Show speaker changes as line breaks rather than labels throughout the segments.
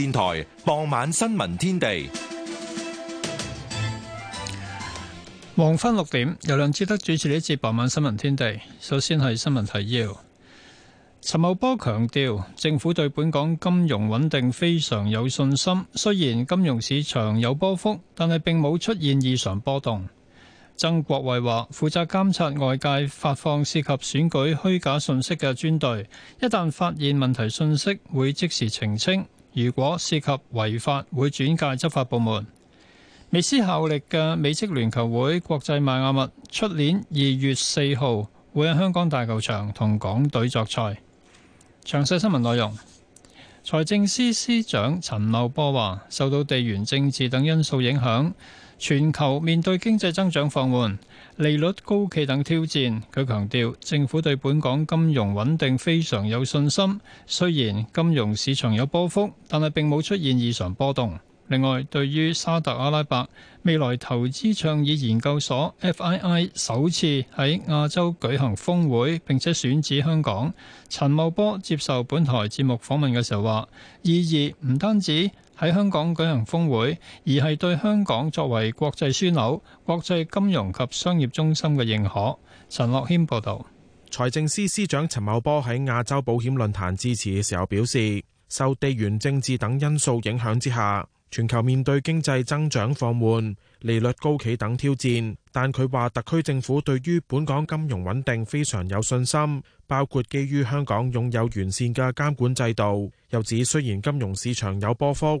電台傍晚新聞天地，黃昏六
點由梁志德主持呢節傍晚新聞天地。首先係新聞提要。陳茂波強調，政府對本港金融穩定非常有信心。雖然金融市場有波幅，但係並冇出現異常波動。曾國衛話：負責監察外界發放涉及選舉虛假信息嘅專隊，一旦發現問題信息，會即時澄清。如果涉及違法，會轉介執法部門。美斯效力嘅美職聯球會國際邁阿密，出年二月四號會喺香港大球場同港隊作賽。詳細新聞內容，財政司司司長陳茂波話：受到地緣政治等因素影響，全球面對經濟增長放緩，利率高企等挑戰，佢強調政府對本港金融穩定非常有信心。雖然金融市場有波幅，但係並冇出現異常波動。另外，對於沙特阿拉伯未來投資倡議研究所 （FII） 首次喺亞洲舉行峰會，並且選址香港，陳茂波接受本台節目訪問嘅時候話，意義唔單止。喺香港舉行峰會，而係對香港作為國際樞紐、國際金融及商業
中心嘅認可。陳樂謙報導，財政司司長陳茂波喺亞洲保險論壇致辭嘅時候表示，受地緣政治等因素影響之下，全球面對經濟增長放緩、利率高企等挑戰。但佢話，特區政府對於本港金融穩定非常有信心，包括基於香港擁有完善嘅監管制度。又指雖然金融市場有波幅，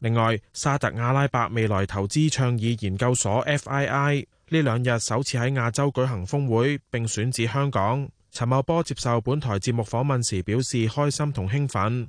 另外，沙特阿拉伯未來投資倡議研究所 （FII） 呢兩日首次喺亞洲舉行峰會，並選址香港。陳茂波接受本台節目訪問時表示，開心同興奮。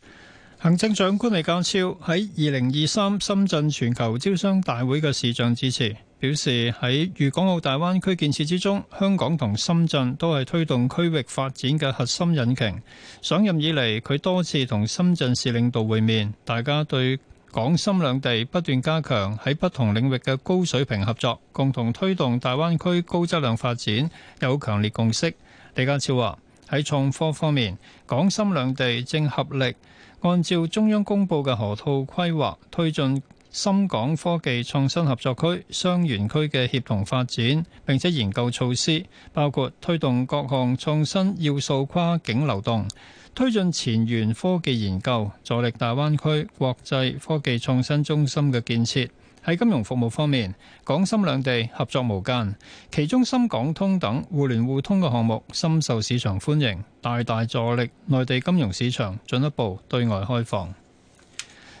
行政長官
李家超喺二零二三深圳全球招商大會嘅視像致辭表示，喺粵港澳大灣區建設之中，香港同深圳都係推動區域發展嘅核心引擎。上任以嚟，佢多次同深圳市領導會面，大家對港深兩地不斷加強喺不同領域嘅高水平合作，共同推動大灣區高質量發展有強烈共識。李家超話：喺創科方面，港深兩地正合力。按照中央公布嘅河套規劃推進深港科技創新合作區雙園區嘅協同發展，並且研究措施，包括推動各項創新要素跨境流動，推進前沿科技研究，助力大灣區國際科技創新中心嘅建設。喺金融服務方面，港深兩地合作無間，其中深港通等互聯互通嘅項目深受市場歡迎，大大助力內地金融市場進一步對外開放。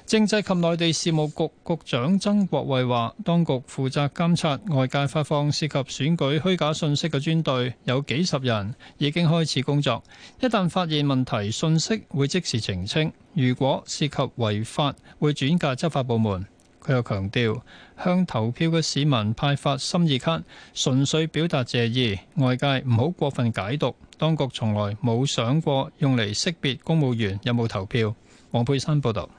政制及內地事務局局局長曾國衛話當局負責監察外界發放涉及選舉虛假信息嘅專隊有幾十人，已經開始工作。一旦發現問題，信息會即時澄清。如果涉及違法，會轉介執法部門。佢又強調，向投票嘅市民派發心意卡，純粹表達謝意，外界唔好過分解讀。當局從來冇想過用嚟識別公務員有冇投票。黃佩珊報道。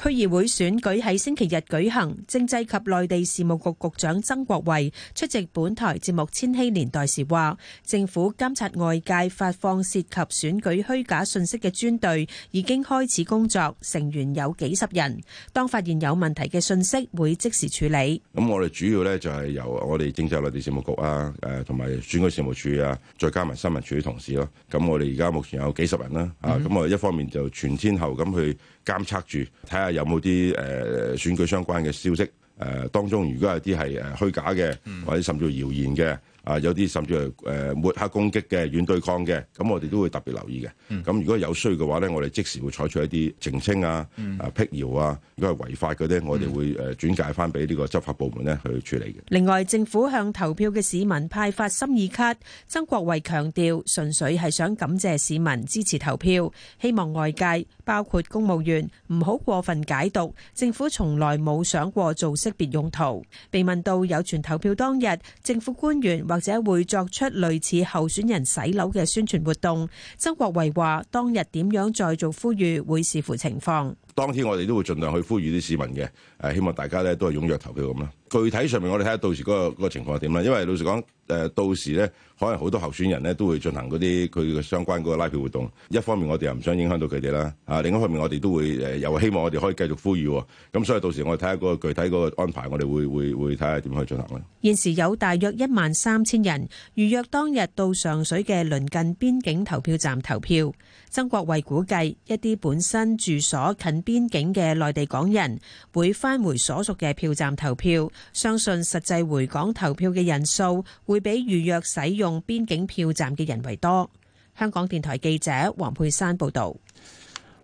區議會選舉喺星期日舉行，政制及內地事務局局長曾國衛出席本台節目《千禧年代》時話，政府監察外界發放涉及選舉虛假信息嘅專隊已經開始工作，成員有幾十人。當發現有問題嘅信息，會即時處理。
咁我哋主要呢就係由我哋政制內地事務局啊，誒，同埋選舉事務處啊，再加埋新聞處嘅同事咯。咁我哋而家目前有幾十人啦。啊，咁我一方面就全天候咁去。監測住，睇下有冇啲誒選舉相關嘅消息誒、呃、當中如果有啲係誒虛假嘅，或者甚至謠言嘅。啊！有啲甚至係誒抹黑攻擊嘅、軟對抗嘅，咁我哋都會特別留意嘅。咁如果有需嘅話咧，我哋即時會採取一啲澄清啊、誒辟謠啊。如果係違法嘅咧，我哋會誒轉介翻俾呢個執法部門咧去處理嘅。
另外，政府向投票嘅市民派發心意卡，曾國衛強調，純粹係想感謝市民支持投票，希望外界包括公務員唔好過分解讀，政府從來冇想過做識別用途。被問到有傳投票當日政府官員或或者會作出類似候選人洗樓嘅宣傳活動。曾國衛話：當日點樣再做呼籲，會視乎情況。
當天我哋都會盡量去呼籲啲市民嘅，誒希望大家咧都係踴躍投票咁啦。具體上面我哋睇下到時嗰個嗰個情況係點啦。因為老實講，誒到時咧可能好多候選人咧都會進行嗰啲佢嘅相關嗰個拉票活動。一方面我哋又唔想影響到佢哋啦，啊另一方面我哋都會誒又希望我哋可以繼續呼籲喎。咁所以到時我哋睇下嗰個具體嗰個安排，我哋會會會睇下點去進行咧。
現時有大約一萬三千人預約當日到上水嘅鄰近邊境投票站投票。曾國衛估計，一啲本身住所近邊境嘅內地港人會返回所屬嘅票站投票，相信實際回港投票嘅人數會比預約使用邊境票站嘅人為多。香港電台記者黃佩珊報導。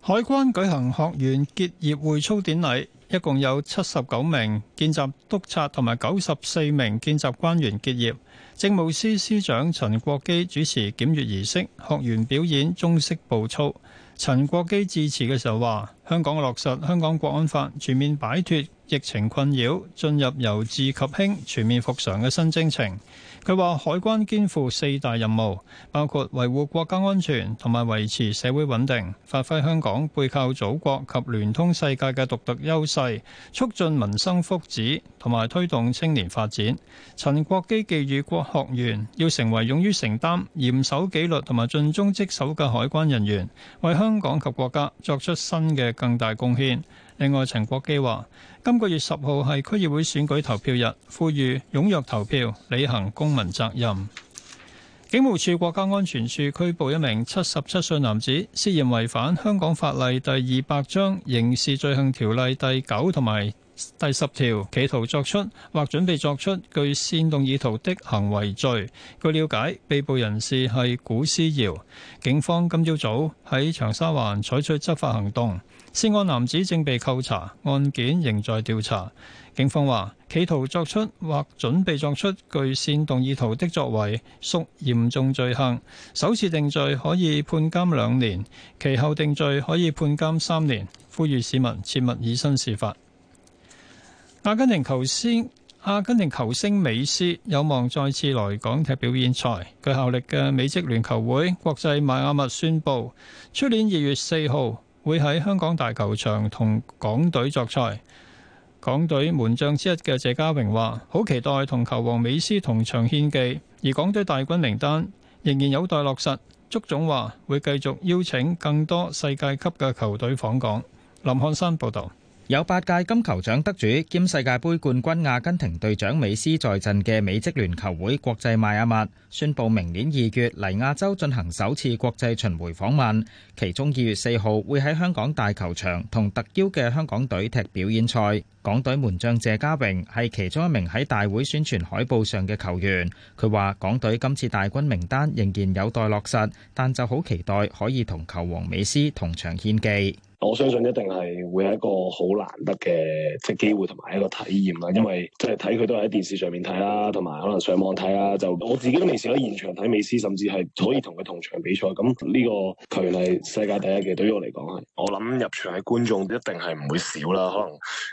海關舉行學員結業會操典禮，一共有七十九名見習督察同埋九十四名見習關員結業。政務司司長陳國基主持檢閱儀式，學員表演中式步操。陳國基致辭嘅時候話，香港落實香港國安法，全面擺脫疫情困擾，進入由治及興、全面復常嘅新征程。佢話：海關肩負四大任務，包括維護國家安全同埋維持社會穩定，發揮香港背靠祖國及聯通世界嘅獨特優勢，促進民生福祉同埋推動青年發展。陳國基寄語國學員，要成為勇於承擔、嚴守紀律同埋盡忠職守嘅海關人員，為香港及國家作出新嘅更大貢獻。另外，陳國基話：今個月十號係區議會選舉投票日，呼籲踴躍投票，履行公民責任。警務處國家安全處拘捕一名七十七歲男子，涉嫌違反香港法例第二百章《刑事罪行條例》第九同埋第十條，企圖作出或準備作出具煽動意圖的行為罪。據了解，被捕人士係古思堯。警方今朝早喺長沙灣採取執法行動。涉案男子正被扣查，案件仍在調查。警方話，企圖作出或準備作出具煽動意圖的作為，屬嚴重罪行。首次定罪可以判監兩年，其後定罪可以判監三年。呼籲市民切勿以身試法。阿根廷球星阿根廷球星美斯有望再次來港踢表演賽。佢效力嘅美職聯球會國際邁阿密宣布，出年二月四號。會喺香港大球場同港隊作賽。港隊門將之一嘅謝家榮話：好期待同球王美斯同場獻技。而港隊大軍名單仍然有待落實。足總話會繼續邀請更多世界級嘅球隊訪港。林漢山報
導。有八屆金球獎得主兼世界杯冠軍阿根廷隊長美斯在陣嘅美職聯球會國際邁阿密宣布，明年二月嚟亞洲進行首次國際巡回訪問，其中二月四號會喺香港大球場同特邀嘅香港隊踢表演賽。港隊門將謝家榮係其中一名喺大會宣傳海報上嘅球員，佢話港隊今次大軍名單仍然有待落實，但就好期待可以同球王美斯同場獻技。
我相信一定係會係一個好難得嘅，即係機會同埋一個體驗啦，因為即係睇佢都係喺電視上面睇啦，同埋可能上網睇啦，就我自己都未試過現場睇美斯，甚至係可以同佢同場比賽。咁呢個球員係世界第一嘅，對於我嚟講係。我諗入場嘅觀眾一定係唔會少啦，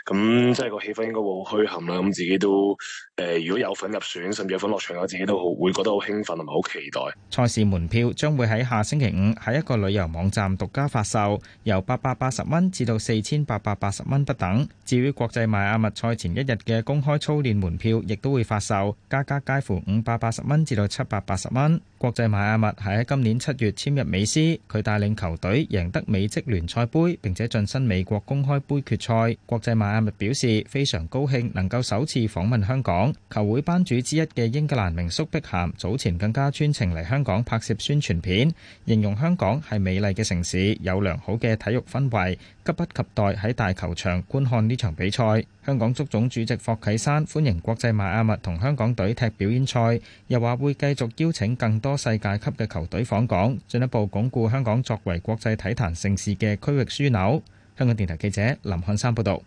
可能咁即係個氣氛應該會好墟冚啦。咁自己都。誒，如果有份入選，甚至有份落場，我自己都好會覺得好興奮同埋好期待。
賽事門票將會喺下星期五喺一個旅遊網站獨家發售，由八百八十蚊至到四千八百八十蚊不等。至於國際邁阿密賽前一日嘅公開操練門票，亦都會發售，加價介乎五百八十蚊至到七百八十蚊。國際邁阿密係喺今年七月簽入美斯，佢帶領球隊贏得美職聯賽盃，並且晉身美國公開盃決賽。國際邁阿密表示非常高興能夠首次訪問香港。球會班主之一嘅英格蘭名宿碧咸，早前更加專程嚟香港拍攝宣傳片，形容香港係美麗嘅城市，有良好嘅體育氛圍，急不及待喺大球場觀看呢場比賽。香港足總主席霍啟山歡迎國際邁阿密同香港隊踢表演賽，又話會繼續邀請更多世界級嘅球隊訪港，進一步鞏固香港作為國際體壇盛事嘅區域樞紐。香港電台記者林漢山報道。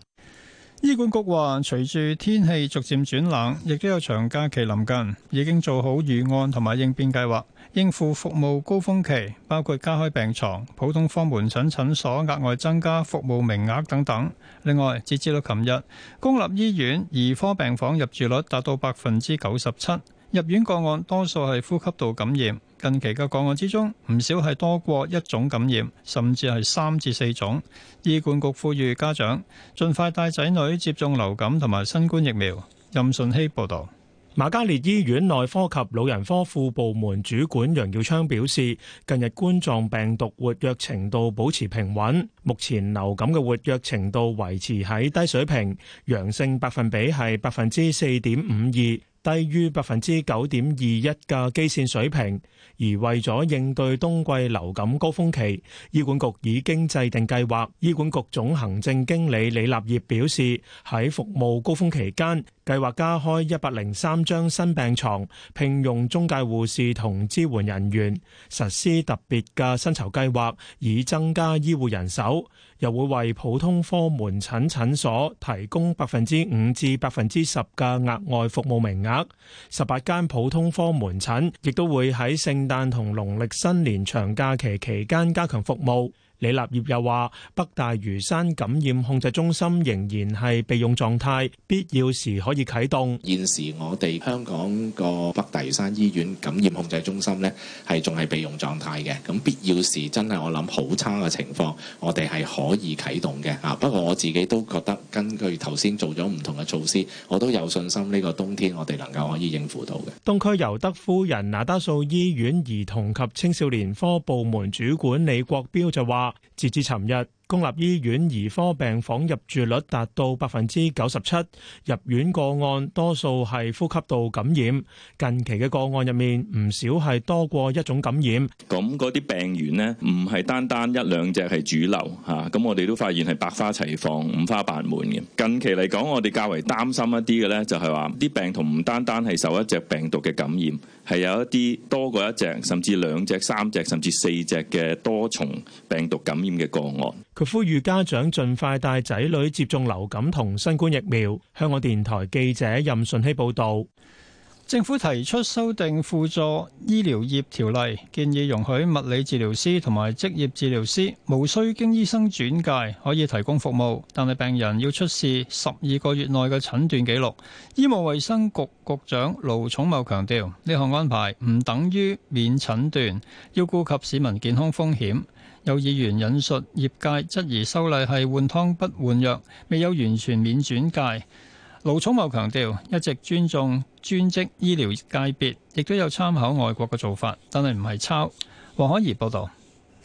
醫管局話，隨住天氣逐漸轉冷，亦都有長假期臨近，已經做好預案同埋應變計劃，應付服務高峰期，包括加開病床、普通科門診診所額外增加服務名額等等。另外，截至到琴日，公立醫院兒科病房入住率達到百分之九十七。入院個案多數係呼吸道感染，近期嘅個案之中，唔少係多過一種感染，甚至係三至四種。醫管局呼籲家長盡快帶仔女接種流感同埋新冠疫苗。任順希報導。
瑪嘉烈醫院內科及老人科副部門主管楊耀昌表示，近日冠狀病毒活躍程度保持平穩，目前流感嘅活躍程度維持喺低水平，陽性百分比係百分之四點五二。低於百分之九點二一嘅基線水平，而為咗應對冬季流感高峰期，醫管局已經制定計劃。醫管局總行政經理李立業表示，喺服務高峰期間，計劃加開一百零三張新病床，聘用中介護士同支援人員，實施特別嘅薪酬計劃，以增加醫護人手。又會為普通科門診診所提供百分之五至百分之十嘅額外服務名額，十八間普通科門診亦都會喺聖誕同農曆新年長假期期間加強服務。李立業又話：北大嶼山感染控制中心仍然係備用狀態，必要時可以啟動。現時我哋香
港個北大嶼山醫院感染控制中心呢係仲係備用狀態嘅，咁必要時真係我諗好差嘅情況，我哋係可以啟動嘅。啊，不過我自己都覺得，根據頭先做咗唔同嘅措施，我都有信心呢個冬天我哋能夠可
以應付到嘅。
東區尤德夫人那打素醫院兒童及青少年科部門主管李國標就話。截至尋日，公立醫院兒科病房入住率達到百分之九十七，入院個案多數係呼吸道感染，近期嘅個案入面唔少係多過一種感染。
咁嗰啲病源呢，唔係單單一兩隻係主流吓，咁、啊、我哋都發現係百花齊放、五花八門嘅。近期嚟講，我哋較為擔心一啲嘅咧，就係話啲病童唔單單係受一隻病毒嘅感染，係有一啲多過一隻，甚至兩隻、三隻、甚至四隻嘅多重病毒感染嘅個案。
佢呼籲家長盡快帶仔女接種流感同新冠疫苗。香港電台記者任順希報導。政府提出修訂輔助醫療業條例，建議容許物理治
療師同埋職業治療師無需經醫生轉介，可以提供服務，但係病人要出示十二個月內嘅診斷記錄，醫務衛生局局長盧寵茂強調呢項安排唔等於免診斷，要顧及市民健康風險，有議員引述業界質疑修例係換湯不換藥，未有完全免轉介。盧寵茂強調，一直尊重專職醫療界別，亦都有參考外國嘅做法，但係唔係抄。黃海怡報道。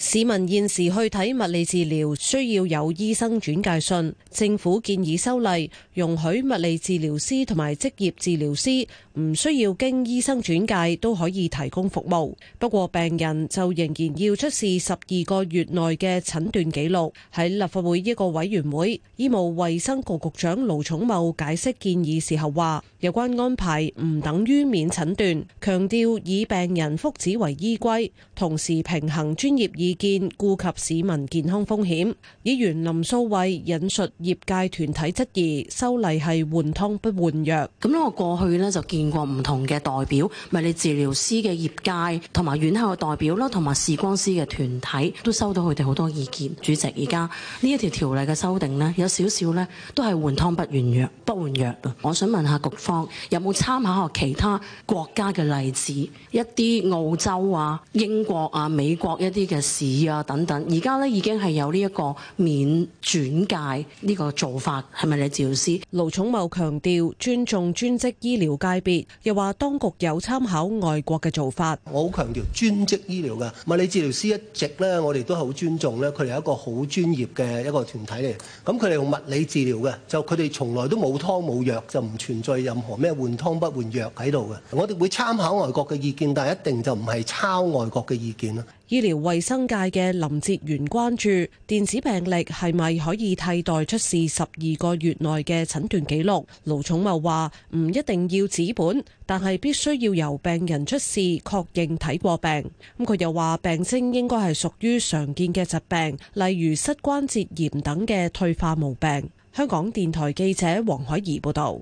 市民現時去睇物理治療需要有醫生轉介信，政府建議修例容許物理治療師同埋職業治療師唔需要經醫生轉介都可以提供服務。不過病人就仍然要出示十二個月內嘅診斷記錄。喺立法會一個委員會，醫務衛生局局長盧寵茂解釋建議時候話：有關安排唔等於免診斷，強調以病人福祉為依歸。同時平衡專業意見，顧及市民健康風險。議員林素慧引述業界團體質疑修例係換湯不換藥。咁我過去呢就見過唔同嘅代表，物理治療師嘅業界同埋院校嘅代表啦，同埋視光師嘅團體都收到佢哋好多意見。主席，而家呢一條條例嘅修訂呢，有少少呢都係換湯不換藥，不換藥啊！我想問下局方，有冇參考下其他國家嘅例子，一啲澳洲啊、英國？國啊，美國一啲嘅市啊等等，而家咧已經係有呢一個免轉介呢個做法，係咪你治療師？盧寵茂強調尊重專職醫療界別，又話當局有參考外國嘅做法。我好強調專職醫療嘅，物理治療師一直咧，我哋都好尊重咧，佢哋係一個好專業嘅一個團體嚟。咁佢哋用物理治療嘅，就佢哋從來都冇湯冇藥，就唔存在任何咩換湯不換藥喺度嘅。我哋會參考外國嘅意見，但係一定就唔係抄外國。意見啦。醫療衞生界嘅林哲玄關注電子病歷係咪可以替代出示十二個月內嘅診斷記錄？盧寵茂話唔一定要紙本，但係必須要由病人出示確認睇過病。咁佢又話病徵應該係屬於常見嘅疾病，例如膝關節炎等嘅退化毛病。香港電台記者黃海怡報導。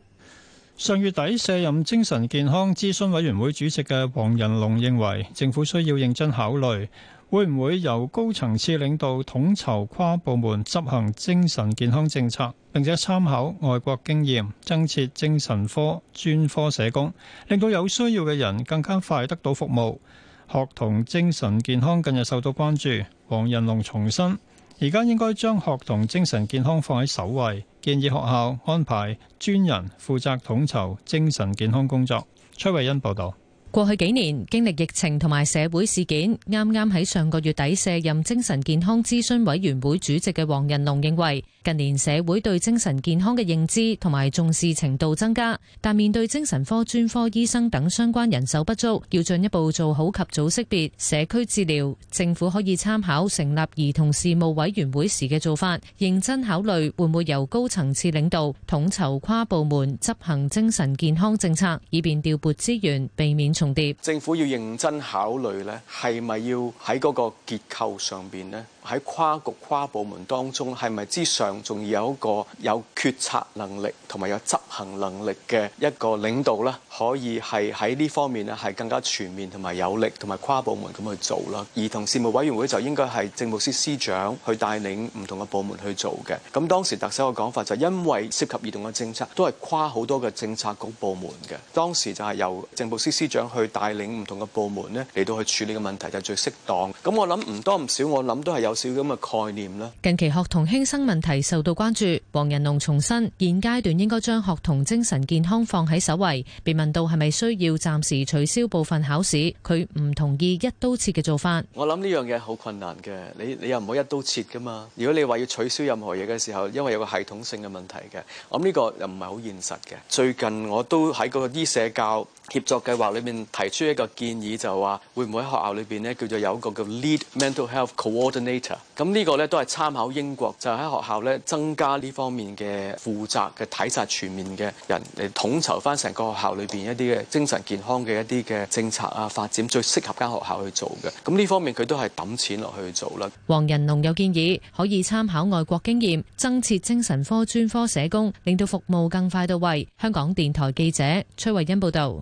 上月底卸任精神健康諮詢委員會主席嘅黃仁龍認為，政府需要認真考慮會唔會由高層次領導統籌跨部門執行精神健康政策，並且參考外國經驗增設精神科專科社工，令到有需要嘅人更加快得到服務。學童精神健康近日受到關注，黃仁龍重申。而家應該將學童精神健康放喺首位，建議學校安排專人負責統籌精神健康工作。崔慧欣報導。
過去幾年經歷疫情同埋社會事件，啱啱喺上個月底卸任精神健康諮詢委員會主席嘅黃仁龍認為，近年社會對精神健康嘅認知同埋重視程度增加，但面對精神科專科醫生等相關人手不足，要進一步做好及早識別、社區治療，政府可以參考成立兒童事務委員會時嘅做法，認真考慮會唔會由高層次領導統籌跨部門執行精神健康政策，以便調撥
資源，避免。政府要認真考慮呢，係咪要喺嗰個結構上面呢？喺跨局跨部門當中，係咪之上仲有一個有決策能力同埋有執行能力嘅一個領導咧，可以係喺呢方面咧係更加全面同埋有力同埋跨部門咁去做啦。兒童事務委員會就應該係政務司司長去帶領唔同嘅部門去做嘅。咁當時特首嘅講法就因為涉及兒童嘅政策都係跨好多嘅政策局部門嘅，當時就係由政務司司長去帶領唔同嘅部門咧嚟到去處理嘅問題就係最適當。咁我諗唔多唔少，我諗都係有。有少咁嘅概念咧。
近期學童輕生問題受到關注，黃仁龍重申現階段應該將學童精神健康放喺首位。被問到係咪需要暫時取消部分考試，佢唔同意一刀切嘅做法。
我諗呢樣嘢好困難嘅，你你又唔好一刀切㗎嘛。如果你話要取消任何嘢嘅時候，因為有個系統性嘅問題嘅，我諗呢個又唔係好現實嘅。最近我都喺嗰個啲社交，協作計劃裏面提出一個建議，就話會唔會喺學校裏邊咧，叫做有一個叫 Lead Mental Health Coordinator，咁呢個咧都係參考英國，就喺、是、學校咧增加呢方面嘅負責嘅體察全面嘅人嚟統籌翻成個學校裏邊一啲嘅精神健康嘅一啲嘅政策啊，發展最適合間學校去做嘅。咁呢方面佢都係抌錢落去做啦。
黃仁龍有建議可以參考外國經驗，增設精神科專科社工，令到服務更快到位。香港電台記者崔慧欣報導。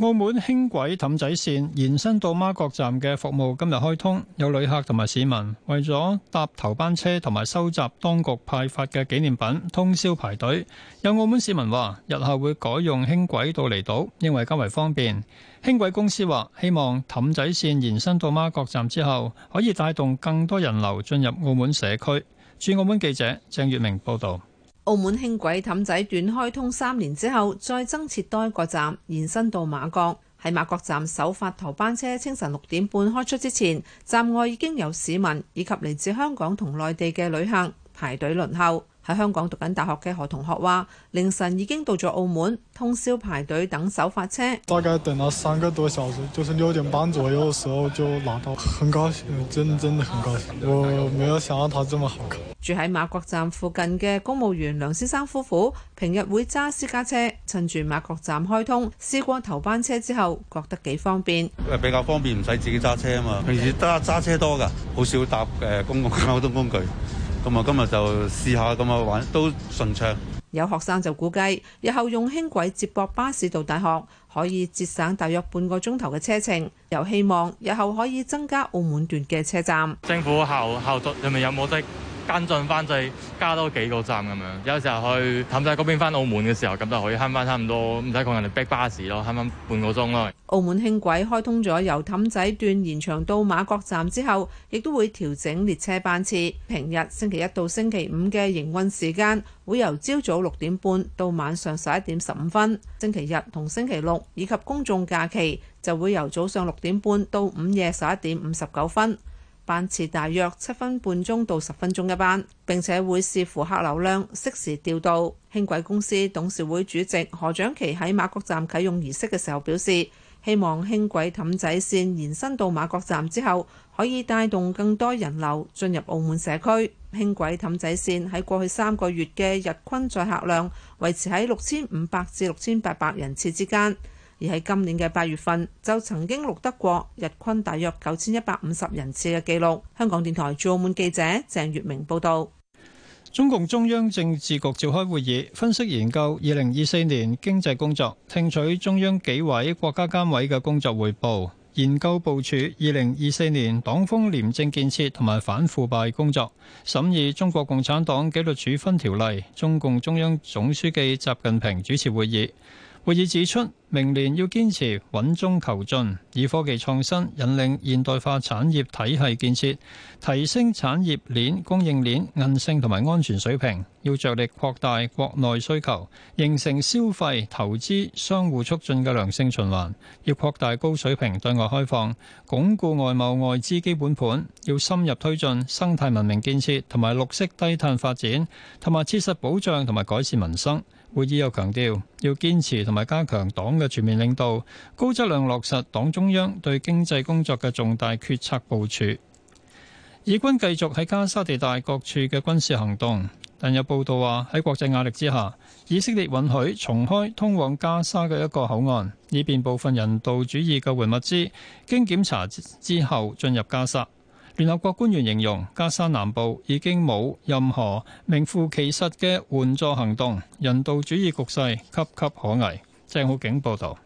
澳門輕軌氹仔線延伸到媽閣站嘅服務今日開通，有旅客同埋市民為咗搭頭班車同埋收集當局派發嘅紀念品，通宵排隊。有澳門市民話，日後會改用輕軌到離島，因為較為方便。輕軌公司話，希望氹仔線延伸到媽閣站之後，可以帶動更多人流進入澳門社區。駐澳門記者鄭月明報道。
澳門輕軌氹仔段開通三年之後，再增設多一個站，延伸到媽閣。喺媽閣站首發頭班車清晨六點半開出之前，站外已經有市民以及嚟自香港同內地嘅旅客排隊輪候。喺香港讀緊大學嘅何同學話：凌晨已經到咗澳門，通宵排隊等首發
車，大概等咗三個多小時，就是六點半左右時候就拿到，很高興，真的真嘅很高興，我沒有想到他這麼好。
住喺馬角站附近嘅公務員梁先生夫婦，平日會揸私家車，趁住馬角站開通，試過頭班車之後，覺得幾方便，
比較方便唔使自己揸車啊嘛，平時揸揸車多噶，好少搭公共交通工具。咁啊，今日就試下咁啊，玩都順暢。
有學生就估計，日後用輕軌接駁巴士到大學，可以節省大約半個鐘頭嘅車程。又希望日後可以增加澳門段嘅車站。政府後
後續入面有冇得？跟進翻就係加多幾個站咁樣，有時候去氹仔嗰邊翻澳門嘅時候，咁就可以慳翻差唔多，唔使講人哋逼巴士咯，慳翻半個鐘啦。
澳門輕軌開通咗由氹仔段延長到媽閣站之後，亦都會調整列車班次。平日星期一到星期五嘅營運時間，會由朝早六點半到晚上十一點十五分；星期日同星期六以及公眾假期，就會由早上六點半到午夜十一點五十九分。班次大約七分半鐘到十分鐘一班，並且會視乎客流量，適時調度。輕軌公司董事會主席何蔣祺喺媽閣站啟用儀式嘅時候表示，希望輕軌氹仔線延伸到媽閣站之後，可以帶動更多人流進入澳門社區。輕軌氹仔線喺過去三個月嘅日均載客量維持喺六千五百至六千八百人次之間。而喺今年嘅八月份，就曾經錄得過日均大約九千一百五十人次嘅記錄。香港電台駐澳門記者鄭月明報導。
中共中央政治局召開會議，分析研究二零二四年經濟工作，聽取中央紀委國家監委嘅工作彙報，研究部署二零二四年黨風廉政建設同埋反腐敗工作，審議《中國共產黨紀律處分條例》。中共中央總書記習近平主持會議。會議指出，明年要堅持穩中求進，以科技創新引領現代化產業體系建設，提升產業鏈供應鏈韌性同埋安全水平。要着力擴大國內需求，形成消費投資相互促進嘅良性循環。要擴大高水平對外開放，鞏固外貿外資基本盤。要深入推進生態文明建設同埋綠色低碳發展，同埋切實保障同埋改善民生。會議又強調要堅持同埋加強黨嘅全面領導，高質量落實黨中央對經濟工作嘅重大決策部署。以軍繼續喺加沙地帶各處嘅軍事行動，但有報道話喺國際壓力之下，以色列允許重開通往加沙嘅一個口岸，以便部分人道主義救援物資經檢查之後進入加沙。聯合國官員形容，加沙南部已經冇任何名副其實嘅援助行動，人道主義局勢岌岌可危。鄭浩景報導。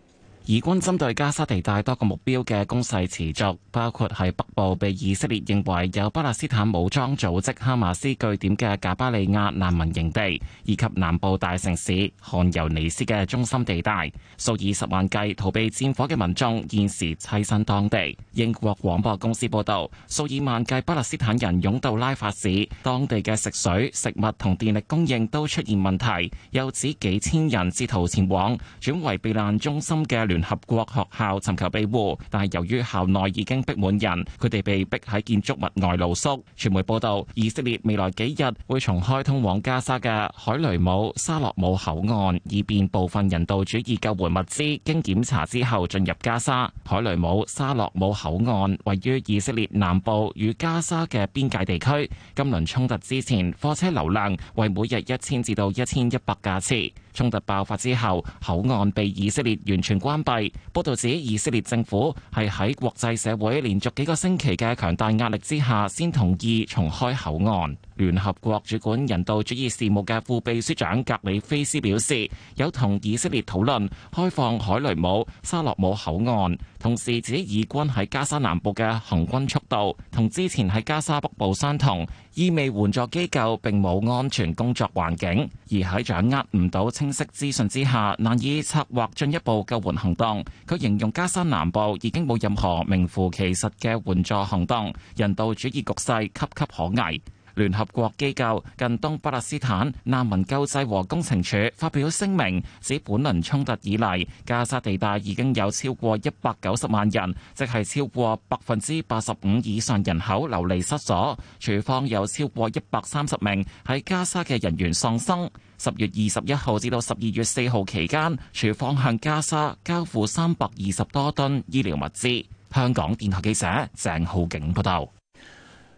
以軍針對加沙地帶多個目標嘅攻勢持續，包括喺北部被以色列認為有巴勒斯坦武裝組織哈馬斯據點嘅賈巴利亞難民營地，以及南部大城市汗尤尼斯嘅中心地帶。數以十萬計逃避戰火嘅民眾現時棲身當地。英國廣播公司報導，數以萬計巴勒斯坦人湧到拉法市，當地嘅食水、食物同電力供應都出現問題，又指幾千人試圖前往轉為避難中心嘅聯合國學校尋求庇護，但係由於校內已經逼滿人，佢哋被逼喺建築物外露宿。傳媒報道，以色列未來幾日會重開通往加沙嘅海雷姆沙洛姆口岸，以便部分人道主義救援物資經檢查之後進入加沙。海雷姆沙洛姆口岸位於以色列南部與加沙嘅邊界地區。今輪衝突之前，貨車流量為每日一千至到一千一百架次。衝突爆發之後，口岸被以色列完全關閉。報道指，以色列政府係喺國際社會連續幾個星期嘅強大壓力之下，先同意重開口岸。聯合國主管人道主義事務嘅副秘書長格里菲斯表示，有同以色列討論開放海雷姆沙洛姆口岸。同時指以軍喺加沙南部嘅行軍速度同之前喺加沙北部相同，意味援助機構並冇安全工作環境，而喺掌握唔到清晰資訊之下，難以策劃進一步救援行動。佢形容加沙南部已經冇任何名副其實嘅援助行動，人道主義局勢岌岌可危。聯合國機構近東巴勒斯坦難民救濟和工程署發表聲明，指本輪衝突以嚟，加沙地帶已經有超過一百九十萬人，即係超過百分之八十五以上人口流離失所。署方有超過一百三十名喺加沙嘅人員喪生。十月二十一號至到十二月四號期間，署方向加沙交付三百二十多噸醫療物資。香港電台記者鄭浩景報道。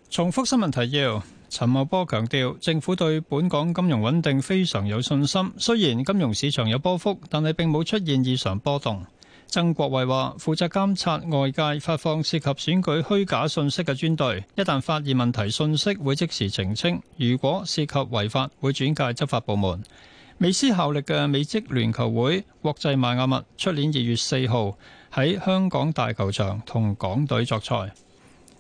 重複新聞提要。陳茂波強調，政府對本港金融穩定非常有信心。雖然金融市場有波幅，但係並冇出現異常波動。曾國衛話：負責監察外界發放涉及選舉虛假信息嘅專隊，一旦發現問題信息，會即時澄清。如果涉及違法，會轉介執法部門。美斯效力嘅美職聯球會國際邁阿密，出年二月四號喺香港大球場同港隊作賽。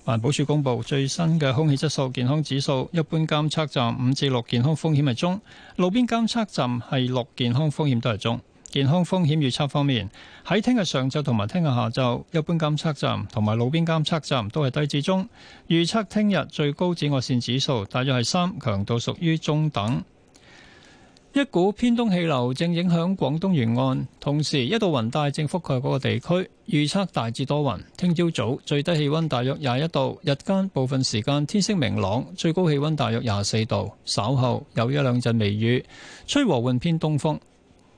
環保署公布最新嘅空氣質素健康指數，一般監測站五至六健康風險係中，路邊監測站係六健康風險都係中。健康風險預測方面，喺聽日上晝同埋聽日下晝，一般監測站同埋路邊監測站都係低至中。預測聽日最高紫外線指數大約係三，強度屬於中等。一股偏東氣流正影響廣東沿岸，同時一道雲帶正覆蓋嗰個地區，預測大致多雲。聽朝早最低氣溫大約廿一度，日間部分時間天色明朗，最高氣溫大約廿四度。稍後有一兩陣微雨，吹和緩偏東風。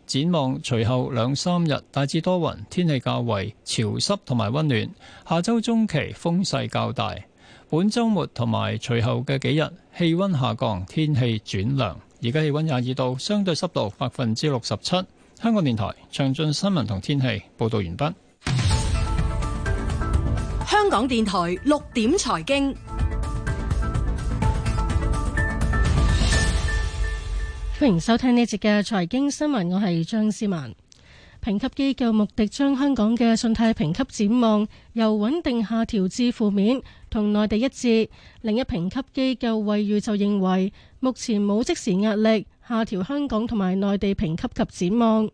展望隨後兩三日大致多雲，天氣較為潮濕同埋溫暖。下周中期風勢較大，本周末同埋隨後嘅幾日氣溫下降，天氣轉涼。而家氣溫廿二度，相對濕度百分之六十七。香港電台詳盡新聞同天氣報道完畢。
香港電台六點財經，
歡迎收聽呢節嘅財經新聞，我係張思文。評級機構穆迪將香港嘅信貸評級展望由穩定下調至負面。同內地一致，另一評級機構惠譽就認為目前冇即時壓力，下調香港同埋內地評級及展望。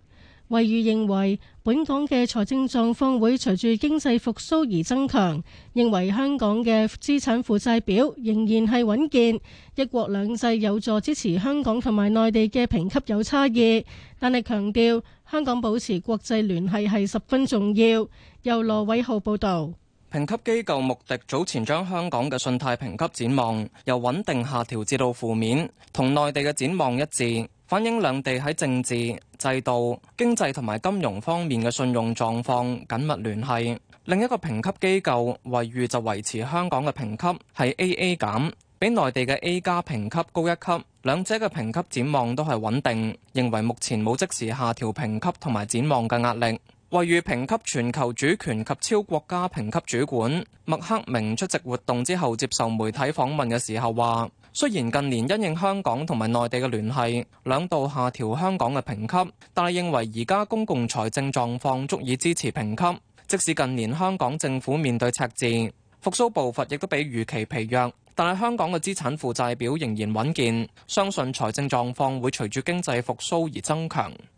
惠譽認為本港嘅財政狀況會隨住經濟復甦而增強，認為香港嘅資產負債表仍然係穩健。一國兩制有助支持香港同埋內地嘅評級有差異，但係強調香港保持國際聯繫係十分重要。由羅偉浩報導。
評級機構穆迪早前將香港嘅信貸評級展望由穩定下調至到負面，同內地嘅展望一致，反映兩地喺政治、制度、經濟同埋金融方面嘅信用狀況緊密聯繫。另一個評級機構惠譽就維持香港嘅評級係 AA 減，比內地嘅 A 加評級高一級，兩者嘅評級展望都係穩定，認為目前冇即時下調評級同埋展望嘅壓力。惠譽評級全球主權及超國家評級主管麥克明出席活動之後，接受媒體訪問嘅時候話，雖然近年因應香港同埋內地嘅聯繫，兩度下調香港嘅評級，但係認為而家公共財政狀況足以支持評級。即使近年香港政府面對赤字，復甦步伐亦都比預期疲弱，但係香港嘅資產負債表仍然穩健，相信財政狀況會
隨住經濟復甦而增強。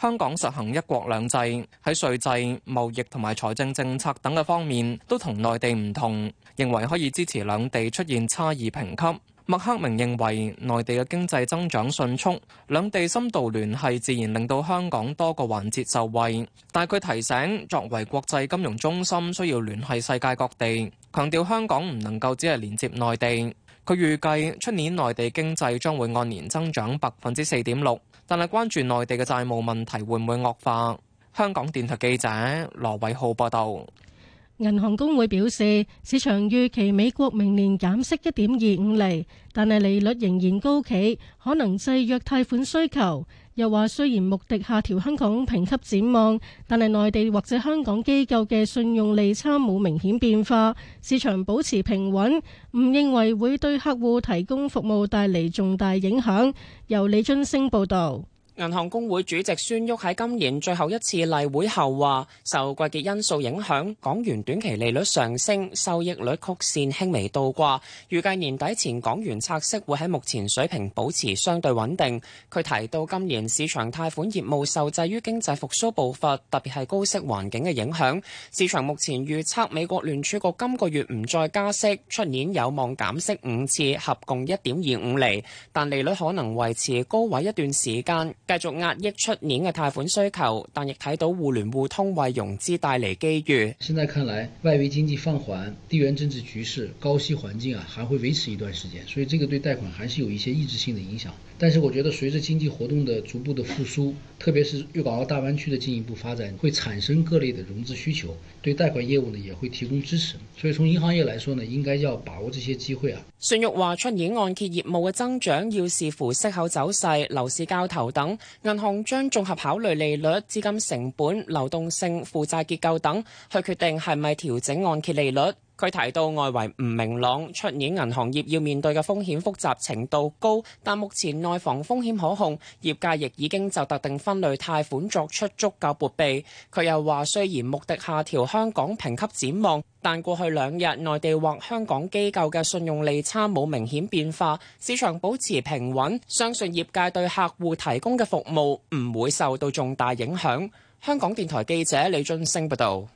香港實
行一國兩制，喺稅制、貿易同埋財政政策等嘅方面都同內地唔同，認為可以支持兩地出現差異評級，麥克明認為內地嘅經濟增長迅速，兩地深度聯繫自然令到香港多個環節受惠，但佢提醒，作為國際金融中心，需要聯繫世界各地，強調香港唔能夠只係連接內地。佢預計出年內地經濟將會按年增長百分之四點六。但係關注內地嘅債務問題會唔會惡化？香港電台記者羅偉浩報道。
銀行公會表示，市場預期美國明年減息一點二五厘，但係利率仍然高企，可能制約貸款需求。又話雖然穆迪下調香港評級展望，但係內地或者香港機構嘅信用利差冇明顯變化，市場保持平穩，唔認為會對客戶提供服務帶嚟重大影響。由李津升報導。
銀行公會主席孫旭喺今年最後一次例會後話，受季節因素影響，港元短期利率上升，收益率曲線輕微倒掛。預計年底前港元拆息會喺目前水平保持相對穩定。佢提到，今年市場貸款業務受制於經濟復蘇步伐，特別係高息環境嘅影響。市場目前預測美國聯儲局今個月唔再加息，出年有望減息五次，合共一點二五厘，但利率可能維持高位一段時間。繼續壓抑出年嘅貸款需求，但亦睇到互聯互通為融資帶嚟機遇。
現在看來，外圍經濟放
緩、地緣政治局勢、高息環境啊，還會維持一段時間，所以這個對貸款還是有一些抑制性的影響。但是我覺得，隨着經濟活動的逐步的復甦，特別是粵港澳大灣區的進一步發展，會產生各類的融資需求，對貸款業務呢也會提供支持。所以從銀行業來說呢，應該要把握這些機會啊。孫玉華出現按揭業務嘅增長，要視乎息口走勢、樓市交投等，銀行將綜合考慮利率、資金成本、流動性、負債結構等，去決定係咪調整按揭利率。佢提到外圍唔明朗，出年銀行業要面對嘅風險複雜程度高，但目前內房風險可控，業界亦已經就特定分類貸款作出足夠撥備，佢又話，雖然穆迪下調香港評級展望，但過去兩日內地或香港機構嘅信用利差冇明顯變化，市場保持平穩，相信業界對客戶提供嘅服務唔會受到重大影響，香港電台記者李俊升報道。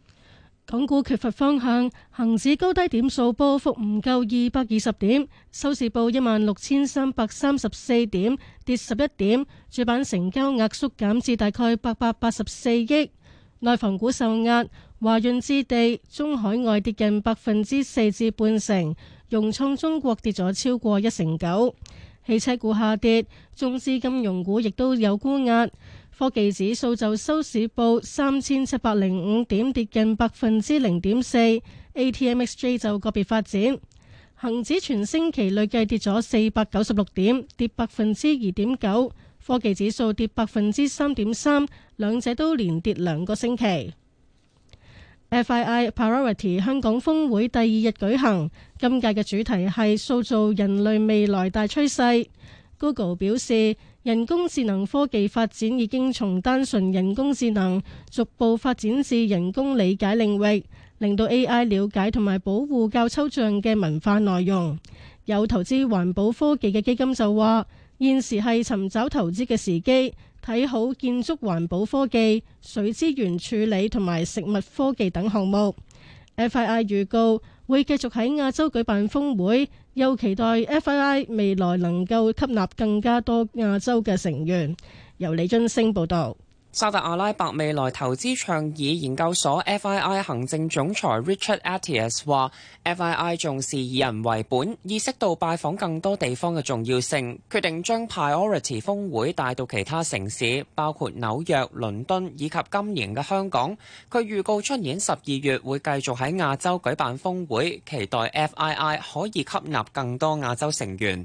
港股缺乏方向，恒指高低點數波幅唔夠二百二十點，收市報一萬六千三百三十四點，跌十一點。主板成交額縮減至大概八百八十四億。內房股受壓，華潤置地、中海外跌近百分之四至半成，融創中國跌咗超過一成九。汽車股下跌，中資金融股亦都有沽壓。科技指數就收市報三千七百零五點，跌近百分之零點四。ATMXJ 就個別發展，恒指全星期累計跌咗四百九十六點，跌百分之二點九。科技指數跌百分之三點三，兩者都連跌兩個星期。FII Priority 香港峰會第二日舉行，今屆嘅主題係塑造人類未來大趨勢。Google 表示，人工智能科技發展已經從單純人工智能逐步發展至人工理解領域，令到 AI 了解同埋保護較抽象嘅文化內容。有投資環保科技嘅基金就話，現時係尋找投資嘅時機。睇好建築環保科技、水資源處理同埋食物科技等項目。FII 預告會繼續喺亞洲舉辦峰會，又期待 FII 未來能夠吸納更加多亞洲嘅成員。由李津升報導。
沙特阿拉伯未來投資倡議研究所 FII 行政總裁 Richard Atias 話 FII 重視以人為本，意識到拜訪更多地方嘅重要性，決定將 Priority 峰會帶到其他城市，包括紐約、倫敦以及今年嘅香港。佢預告，出年十二月會繼續喺亞洲舉辦峰會，期待 FII 可以吸納更多亞洲成員。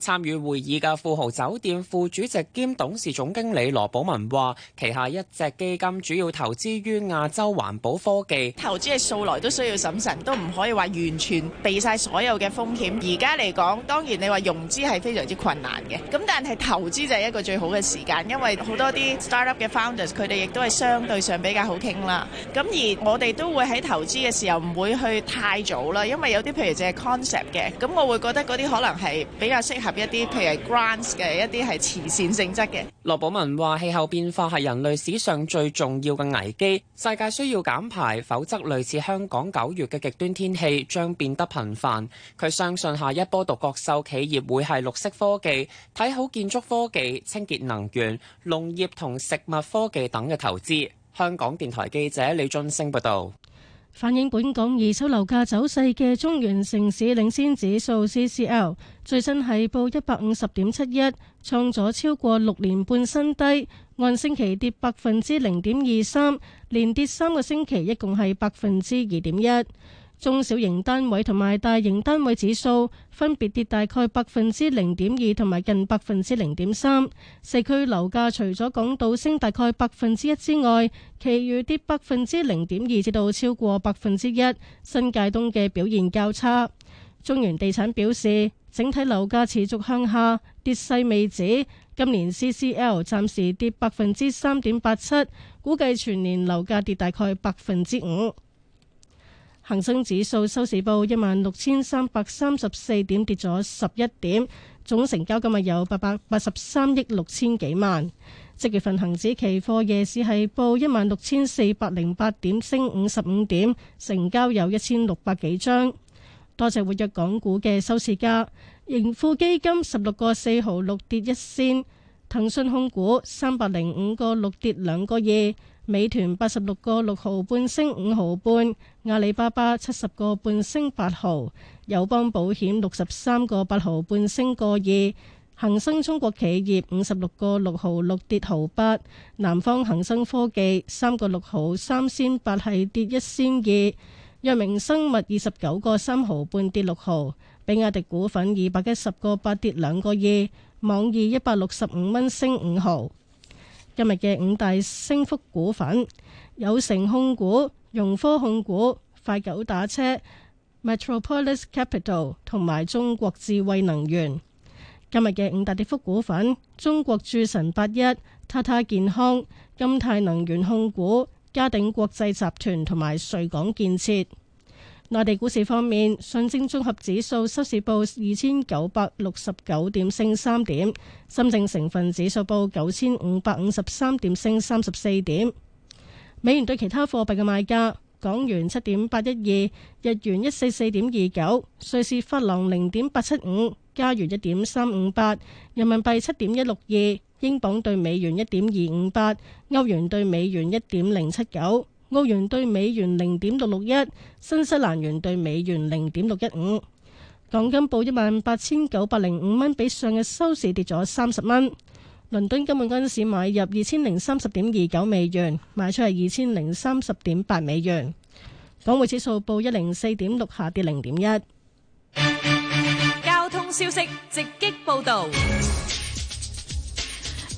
參與會議嘅富豪酒店副主席兼董事總經理羅寶文話：旗下一隻基金主要投資於亞洲環保科技。
投資係素來都需要審慎，都唔可
以話完全避曬所有嘅風險。而家嚟講，當然你話融資係非常之困
難嘅，咁但係投資就係一個最好嘅時間，因為好多啲 startup 嘅 founders 佢哋亦都係相對上比較好傾啦。咁而我哋都會喺投資嘅時候唔會去太
早啦，因為有啲譬如就係 concept 嘅，咁我會覺得嗰啲可能係比較適合。及一啲，譬如 grants 嘅一啲係慈善性質嘅。羅寶文話：氣候變化係人類史上最重要嘅危機，世界需要減排，否則類似香港九月嘅極端天氣將變得頻繁。佢相信下一波獨角獸企業會係綠色科技、睇好建築科技、清潔能源、農業同食物科技等嘅投資。香港電台記者李俊升報導。
反映本港二手樓價走勢嘅中原城市領先指數 （CCL） 最新係報一百五十點七一，創咗超過六年半新低，按星期跌百分之零點二三，連跌三個星期，一共係百分之二點一。中小型單位同埋大型單位指數分別跌大概百分之零點二同埋近百分之零點三。四區樓價除咗港島升大概百分之一之外，其餘跌百分之零點二至到超過百分之一。新界東嘅表現較差。中原地產表示，整體樓價持續向下，跌勢未止。今年 CCL 暫時跌百分之三點八七，估計全年樓價跌大概百分之五。恒生指數收市報一萬六千三百三十四點，跌咗十一點。總成交今日有八百八十三億六千幾萬。即月份恒指期貨夜市係報一萬六千四百零八點，升五十五點，成交有一千六百幾張。多隻活躍港股嘅收市價。盈富基金十六個四毫六跌一仙，騰訊控股三百零五個六跌兩個二。美團八十六個六毫半升五毫半，阿里巴巴七十個半升八毫，友邦保險六十三個八毫半升個二，恒生中國企業五十六個六毫六跌毫八，南方恒生科技三個六毫三仙八係跌一仙二，藥明生物二十九個三毫半跌六毫，比亞迪股份二百一十個八跌兩個二，網易一百六十五蚊升五毫。今日嘅五大升幅股份：有成控股、融科控股、快狗打車、Metropolis Capital 同埋中國智慧能源。今日嘅五大跌幅股份：中國駐神八一、泰泰健康、金泰能源控股、嘉鼎國際集團同埋瑞港建設。內地股市方面，上證綜合指數收市報二千九百六十九點，升三點；深證成分指數報九千五百五十三點，升三十四點。美元對其他貨幣嘅賣價：港元七點八一二，日元一四四點二九，瑞士法郎零點八七五，加元一點三五八，人民幣七點一六二，英鎊兌美元一點二五八，歐元兌美元一點零七九。澳元兌美元零點六六一，新西蘭元兌美元零點六一五。港金報一萬八千九百零五蚊，比上日收市跌咗三十蚊。倫敦金本金市買入二千零三十點二九美元，賣出係二千零三十點八美元。港匯指數報一零四點六，下跌零點一。
交通消息直擊報道。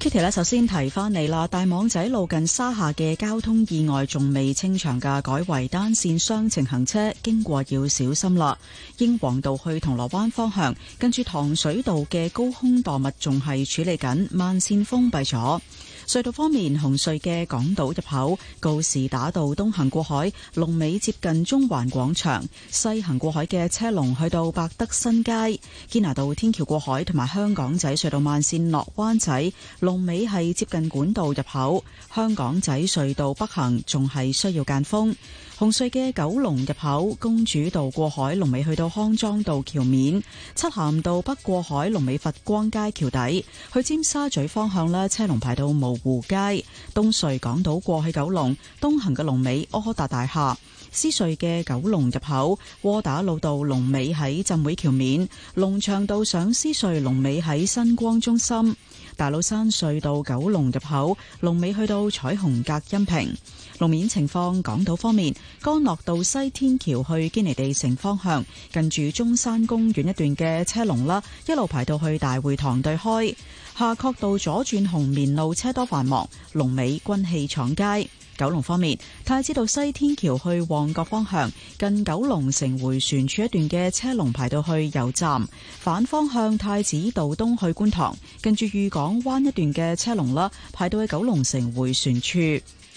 呢條咧，題首先提翻你啦。大網仔路近沙下嘅交通意外仲未清場嘅，改為單線雙程行車，經過要小心啦。英皇道去銅鑼灣方向，跟住糖水道嘅高空墮物仲係處理緊，慢線封閉咗。隧道方面，紅隧嘅港島入口告士打道東行過海，龍尾接近中環廣場；西行過海嘅車龍去到百德新街。堅拿道天橋過海同埋香港仔隧道慢線落灣仔，龍尾係接近管道入口。香港仔隧道北行仲係需要間封。紅隧嘅九龍入口公主道過海，龍尾去到康莊道橋面；漆咸道北過海，龍尾佛光街橋底去尖沙咀方向咧，車龍排到蕪湖街。東隧港島過去九龍東行嘅龍尾，柯達大廈；獅隧嘅九龍入口窩打老道龍尾喺浸會橋面，龍翔道上獅隧龍尾喺新光中心。大老山隧道九龍入口，龍尾去到彩虹隔音屏。路面情況，港島方面，干諾道西天橋去堅尼地城方向，近住中山公園一段嘅車龍啦，一路排到去大會堂對開。夏慤道左轉紅棉路車多繁忙，龍尾軍器廠街。九龍方面，太子道西天橋去旺角方向，近九龍城回旋處一段嘅車龍排到去油站；反方向太子道東去觀塘，近住御港灣一段嘅車龍啦，排到去九龍城回旋處。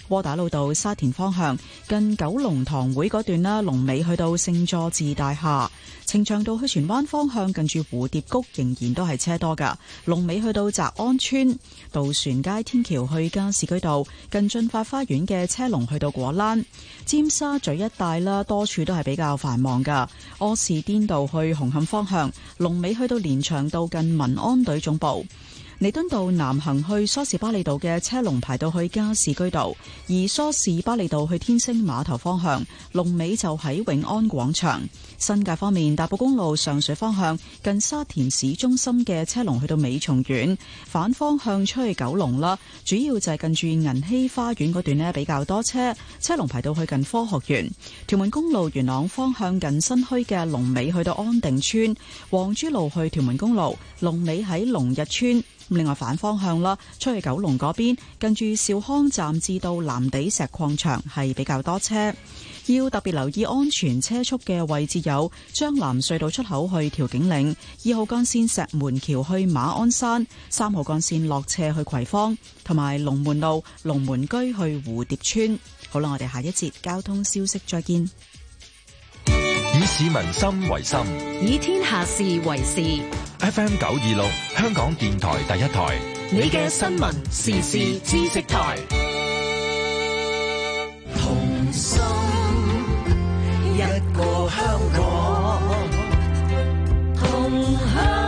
窩打老道沙田方向近九龍塘會嗰段啦，龍尾去到聖佐治大廈；呈祥道去荃灣方向近住蝴蝶谷，仍然都係車多噶。龍尾去到澤安村，渡船街天橋去加士居道，近駿發花園嘅車龍去到果欄，尖沙咀一帶啦，多處都係比較繁忙噶。柯士甸道去紅磡方向，龍尾去到連翔道近民安隊總部。彌敦道南行去梳士巴利道嘅車龍排到去加士居道，而梳士巴利道去天星碼頭方向龍尾就喺永安廣場。新界方面，大埔公路上水方向近沙田市中心嘅車龍去到美松苑，反方向出去九龍啦，主要就係近住銀禧花園嗰段呢，比較多車，車龍排到去近科學園。屯門公路元朗方向近新墟嘅龍尾去到安定村，黃珠路去屯門公路龍尾喺龍日村。另外反方向啦，出去九龍嗰邊，近住兆康站至到藍地石礦場係比較多車，要特別留意安全車速嘅位置有將南隧道出口去調景嶺，二號幹線石門橋去馬鞍山，三號幹線落斜去葵芳，同埋龍門路龍門居去蝴蝶村。好啦，我哋下一節交通消息再見。
以民心為心，以天下
事為事。
FM 九二六，香港電台第一台。
你嘅新聞時事知識台，
同心一個香港，同鄉。